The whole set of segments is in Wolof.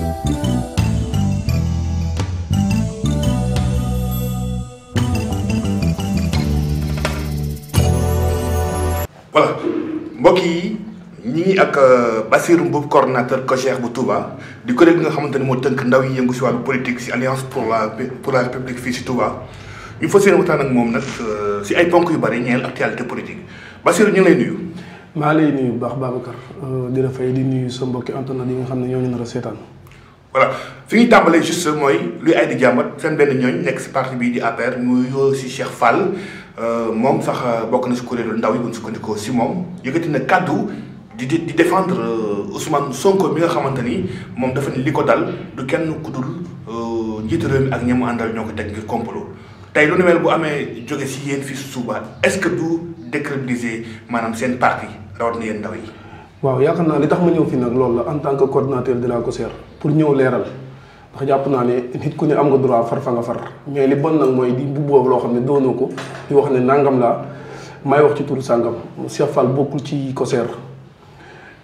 voilà mbokk yi ñi ngi ak euh, Bassirou Mboup coordonnateur COJER bu Touba di kuréel bi nga xamante ne moo tënk ndaw yi yëngu si wàllu politique si alliance pour la pour la république fii si Touba ñu fas yéene waxtaan ak moom nag euh, si ay ponk yu bari ñeel actualité politique Bassirou ñu ngi lay nuyu. maa lay nuyu baax Babacar euh, di la fay di nuyu sa mbokki internet yi nga xam ne ñooñu ñu nar a seetaan. voilà fi ñuy tàmbalee juste mooy luy ay di jàmbat seen benn ñooñ nekk si parti bii di APR mu yoo si Cheikh Fall euh, moom sax euh, bokk na si kuréelu ndaw yi bu ñu sukkandikoo si momoom yëkkati na kàddu di di défendre euh, Ousmane Sonko mi nga xamante ni moom dafa li ko dal du kenn ku dul njiitu réew mi ak ñamu àndal ñoo ko teg ngir complot tey lu ne bu amee jóge si yéen fii suba est-ce que du décrédibiliser maanaam seen parti rawatina yéen ndaw yi. waaw yaakaar naa li tax ma ñëw fii nag loolu la en tant que coordinateur de la COSER. pour ñëw leeral ndax jàpp naa ne nit ku ne am nga droit far fa nga far mais li bon nag mooy di bu loo xam ne doonoo ko di wax ne nangam laa may wax ci turu sàngam Cheikh fal bokkul ci COSER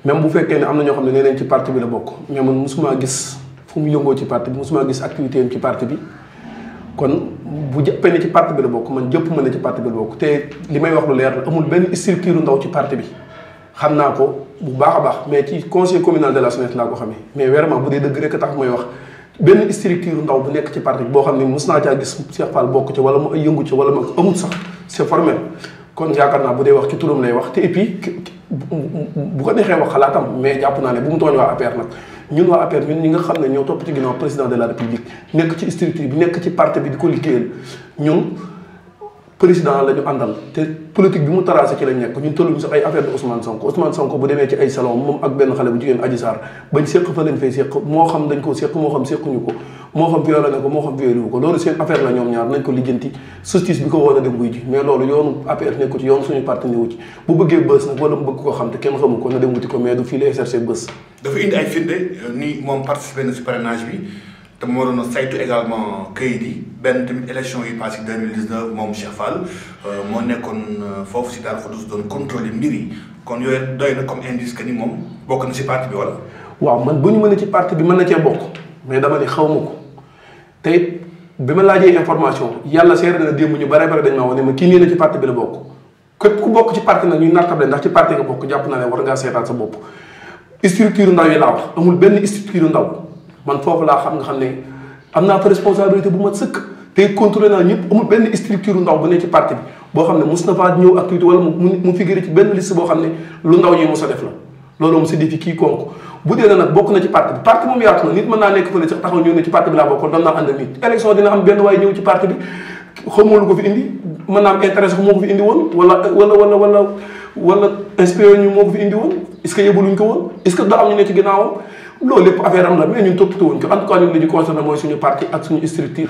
même bu fekkee ne am na ñoo xam ne nee nañ ci parti bi la bokk mais man mosumaa gis fu mu yëngoo ci parti bi mosumaa gis activité ci parti bi kon bu jàppee ne ci parti bi la bokk man jëpp mën ne ci parti bi la bokk te li may wax lu leer la amul benn structure ndaw ci parti bi xam naa ko bu baax a baax mais ci conseil communal de la SONES laa ko xamee mais vraiment bu dee dëgg rek tax may wax benn structure ndaw bu nekk ci parti boo xam ne mos naa caa gis Cheikh Fall bokk ci wala mu yëngu ci wala mu kon yaakaar naa bu dee wax ci turam lay wax te ko neexee wax xalaatam mais jàpp naa ne bu mu tooñ waa APR nag ñun waa APR ñun ñi nga xam ne ñoo topp ci ginnaaw président de la république nekk ci structure bi nekk ci parti bi di ko liggéeyal ñun. président la ñu àndal te politique bi mu tracé ci lañ nekk ñun tëluñu sax ay affaire de Ousmane Sonko Ousmane Sonko bu demee ci ay salon moom ak benn xale bu jigéen Adji bañ séq fa lañ fay séq moo xam dañ ko séq moo xam séquñu ko moo xam violé na ko moo xam a dem wuy ji nekku ci yoonu suñu parti wu ci bu bëggee bës nag wala mu bëgg ko xam te kenn xamu ko na dem wuti ko mais du fii la exercer bës dafa indi ay firnde euh, ni moom participé na si te ma waroon a saytu également këyit yi benn tamit élection yi passé deux mille dix neuf moom Cheikh Fall euh, moo nekkoon euh, foofu si Darou Khoudoss doon contrôler mbir kon yooyu doy na comme indice que ni moom bokk na si parti bi wala. waaw man bu ñu mën a ci parti bi mën na cee bokk mais dama xaw ma ko te it bi ma laajee information yàlla seere na démb ñu bare bare dañ ma wax ne ma kii ci parti bi la bokk képp ku bokk ci parti nag ñuy nattable ndax ci parti nga bokk jàpp naa ne war ngaa seetaat sa bopp structure ndaw yi laa wax amul benn structure ndaw. man foofu laa xam nga xam ne am naa fa responsabilité bu ma sëkk tey contrôlé naa ñëpp amul benn structure xam ne mos na faa ñëw activité wala mu mu figuré ci benn liste boo xam ne lu ndaw ñi mos a def la loolu moom c'est difficile kii konk bu dee na nag bokk na ci parti bi parti moom yaatu na nit mën naa nekk fële sax taxaw ñëw ne ci parti bi laa bokkoon doon naa ànd ak nit élection dina am benn waaye ñëw ci parti bi xamoo lu ko fi indi mën naa am intérêt moo ko fi indi woon wala wala wala wala loolu lépp affaire am la mais ñun toppatoo wuñ ko en tout cas ñun li ñu concerné mooy suñu parti ak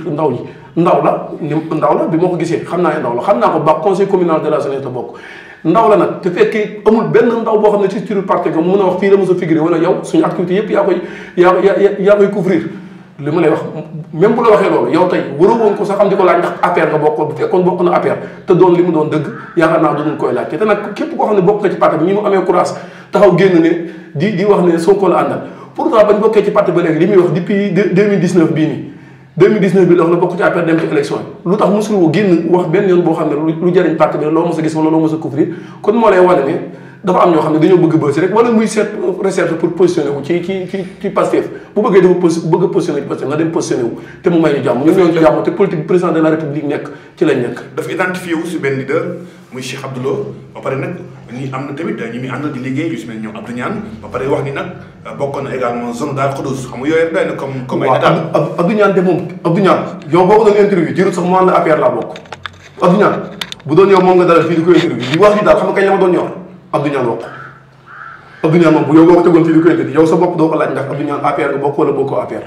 ndaw ñi ndaw la ni ndaw la bi ma ko gisee xam naa ne ndaw la xam naa ko baax conseil communal de la jeunesse la bokk ndaw la nag te fekkee amul benn ndaw boo xam ne ci structure parti ko mën a wax fii la mos a figuré wala yow suñu activité yépp yaa koy yaa koy couvrir li ma lay wax même bu la waxee loolu yow tey waroo woon ko sax xam di ko laaj ndax affaire nga bokkoon bu fekkoon bokk na affaire te doon li mu doon dëgg yaakaar naa doonul koy laaj di wax ne Sonko la pourtant bañ bokkee ci parti ba léegi li muy wax depuis deux mille dix bii nii deux mille bii la la bokk ci affaire dem ci élection lu tax mosul wu génn wax benn yoon boo xam ne lu jëriñ parti bi loo mos a gis wala loo mos muy seet recherche pour positionné wu ci ci ci ci Pastef bu bëggee dafa bëgg a positionné ci Pastef na dem positionné te mu may jàmm ñun ñoo jàmm te politique président de la république nekk ci lañ nekk dafa identifié ni am na tamit ñu muy àndal di liggéey yu si mel ñoom Abdou ba pare wax ni nag bokkoon na également zone Daaru Xudoos xam nga yooyu rek day na comme comme ay état Abdou Niane de moom Abdou Niane yow boo ko doon interview jërul sax mu ànd APR laa bokk Abdou bu doon yow moom nga dalal fii di ko interview di wax yi daal xam nga kañ la ma doon ñor Abdou Niane wax moom bu yow boo tegoon fii di ko interview yow sa bopp doo ko laaj ndax Abdou Niane nga bokk wala bokkoo APR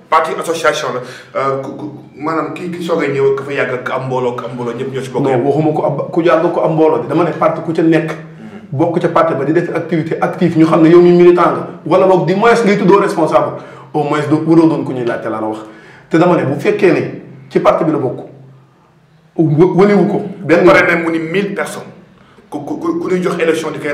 parti association la euh, maanaam kii ki soogay ñëw ka fa yàgg ak am mbooloo mbooloo ñëpp ñoo ci bokk. non waxuma ko ab ku yàgg ko am mbooloo dama ne parti ku ca nekk. Mm-hmm. bokk ca parti ba di def activité active ñu xam ne yow mi militant nga wala boog di moins ngay tuddoo responsable au moins doo waroo doon ku ñuy laajte laa la wax te dama ne bu fekkee ne ci parti bi la bokk wëlewu ko. benn pare ne mu ni mille personnes. ku ku ku jox élection di koy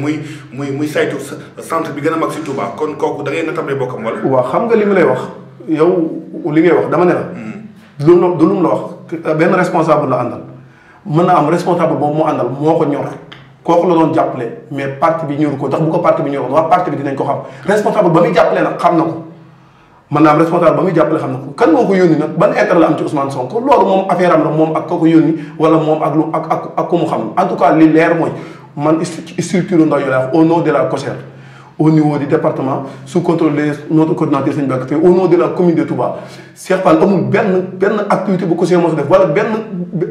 muy muy muy saytu centre bi gën a mag si kon kooku da ngay natable bokkam wala. waaw xam nga li mu lay wax. yow li ngay wax dama ne la. Hmm. lu no du lum la wax benn responsable la àndal mën na am responsable boobu moo àndal moo ko ñor kooku la doon jàppale mais parti bi ñoru ko ndax bu ko parti bi ñoroon waa parti bi dinañ ko xam responsable ba muy jàppale nag xam na ko mën na am responsable ba muy jàppale xam na ko kan moo ko yónni nag ban intérêt la am ci Ousmane Sonko loolu moom affaire am la moom ak ko ko yónni wala moom ak lu ak ak ku mu xam en tout cas li leer mooy man structure ndaw yi la wax au nom la COJER. au niveau du département sous contrôle de notre coordinateur Sëñ Bakary au nom de la commune de Touba. Cheikh Fall amul benn benn activité bu conseiller mos a def wala benn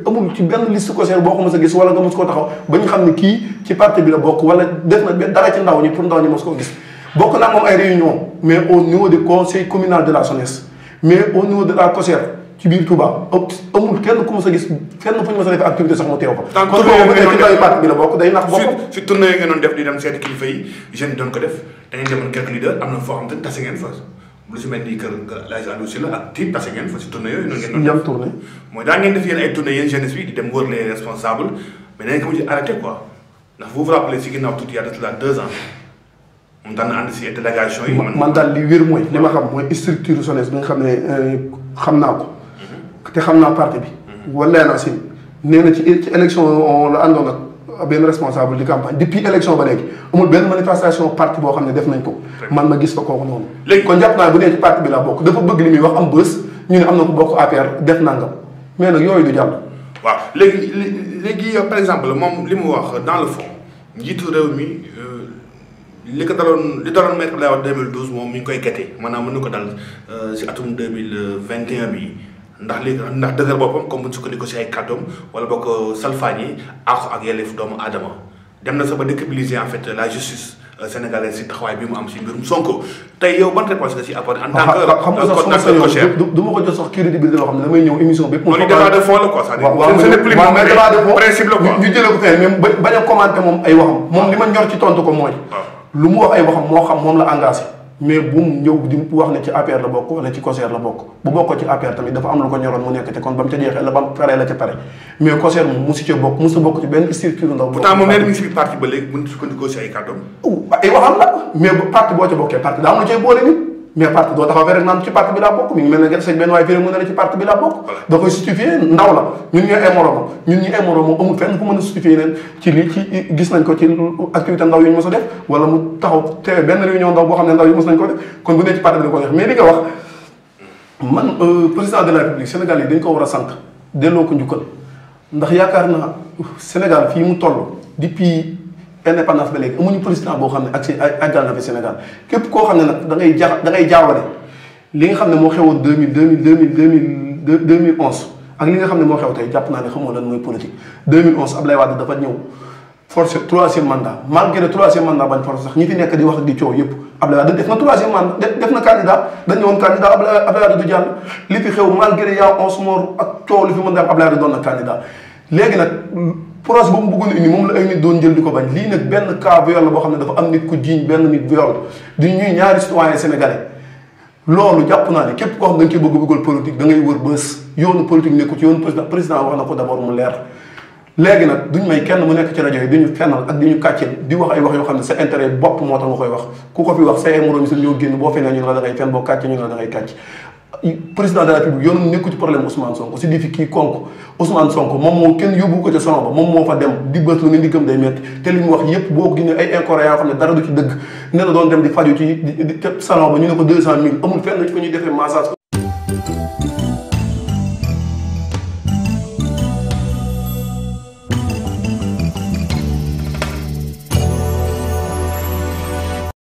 amul ci benn liste conseiller boo ko mos a gis wala nga mos koo taxaw ba ñu xam ne kii ci parti bi la bokk wala def na dara ci ndaw ñi pour ndaw ñi mos koo gis. bokk naa moom ay réunion mais au niveau du conseil communal de la jeunesse mais au niveau de la COSER. ci biir Touba amul kenn ku mës a gis fenn fu ñu mës a def activité sax mu teew fa. kon boobu parti bi la bokk day nax boppam. fi tournée yi ngeen doon def di dem seeti kilifa yi jeunes yi doon ko def dañuy demoon quelques leaders am na foo xam te tase ngeen fa lu si mel ni kër laaj àndu si la ak tiit tase ngeen fa si tournée yooyu. noonu ngeen doon def tournée. mooy daa ngeen def yéen ay tournée yéen jeunesse bi di dem wër les responsables mais nañ ko mujj arrêté quoi ndax vous vous rappelez si ginnaaw tuuti yàlla de la deux ans. mu daan ànd si délégation yi. man daal li wér mooy li ma xam mooy structure jeunesse bi nga xam ne euh, xam naa ko te xam naa parti bi. Mhm. wallaahi naa si nee na ci ci élection la àndoon ak benn responsable di campagne depuis élection ba léegi amul benn manifestation parti boo xam ne def nañ ko. man ma gis ko kooku noonu. léegi kon jàpp naa bu nee ci parti bi laa bokk dafa bëgg li muy wax am bës ñu ne am na ko bokk APR def nangam mais nag yooyu du jàll. waaw léegi léegi par exemple moom li mu wax dans le fond njiitu réew mi. Euh, li ko daloon li daloon maître Abdoulaye Wade 2012 moom mi ngi koy gete maanaam mën na ko dal euh, si atum 2021 bi ndax li ndax dëgër comme bu ñu sukkandiku si ay kàddoom wala boo ko salfaañi àq ak yelleef doomu aadama dem na sa ba décrédibiliser en fait la justice euh, sénégalaise si taxawaay bi mu am si mbirum Sonko tey yow ban réponse nga si apporté en tant que coordinateur chef ma ko de fond la quoi ça ce n'est plus mon principe ñu jëlee ko fee mais bañ a commenté moom ay waxam moom ah. li ma ñor ci tontu ko mooy ah. lu mu wax ay waxam moo xam moom la engagé mais bu mu ñëw di wax ne ci APR la bokk wala ci COSER la bokk bu bokkoo ci APR tamit dafa am lu ko ñoroon mu nekk te kon ba mu ca jeexee la ba mu paree la ca pare mais COSER moom mu si ca bokk mu sa bokk ci benn structure ndaw. pourtant moom nee na mais bu parti boo ca bokkee parti daa am lu cay boole nit. mais parti doo taxaw rek naan ci parti bi laa bokk mi ngi mel ne ngeen sañ benn waaye fii mu ne la ci parti bi laa bokk da koy justifier ndaw la ñun ñooy ay moromam ñun ñi ay moromam amul fenn fu mën a justifier leen ci lii ci gis nañ ko ci activité ndaw yi ñu mos a def wala mu taxaw teewe benn réunion ndaw boo xam ne ndaw yi mos nañ ko def kon bu nee ci parti bi da ko neex mais li nga wax man euh, président de la république Sénégal yi dañ ko war a sant delloo ko ndax yaakaar naa fii mu toll depuis indépendance ba léegi amuñu président boo xam ne ak si àggal na fi Sénégal képp koo xam ne nag da ngay ja da jaawale li nga xam ne moo xewoon deux mille deux mille xew tey jàpp naa ne xamoo lan mooy politique. deux mille onze Abdoulaye Wade mandat malgré troisième mandat bañ forcé sax ñi fi nekk di wax di coow yëpp Abdoulaye Wade def na troisième mandat def na candidat dañ ne woon candidat Abdoulaye Wade du jàll li fi xew malgré yaa onze morts ak coow li fi mën a am Abdoulaye Wade doon na candidat projet bu mu bëggoon indi moom la ay nit doon jël di ko bañ lii nag benn cas la boo xam ne dafa am nit ku jiiñ benn nit viol di ñuy ñaari citoyen sénégalais loolu jàpp naa ne képp koo xam da nga koy bëgg bëggal politique da ngay wër bës yoonu politique nekku ci yoonu président wax na ko d'abord mu leer léegi mu nekk ci rajo yi di ñu fennal ak di ñu kàcceel di wax ay wax yoo xam ne sa intérêt bopp moo tax nga koy wax ku ko fi wax say moroom yi ñoo génn boo fenee ñu ne la da ngay fenn boo kàccee ñu ne yoonu nekku ci problème Ousmane Ousmane Sonko moom moo kenn yóbbu ko ca sono ba moom moo fa dem di bës lu ne ndiggam day metti te li mu wax yépp boo ko ay incohérents yoo xam ne dara du ci dëgg ne doon dem di faju ci salon ba ñu ne ko deux cent mille amul fenn ci ko ñuy defee massage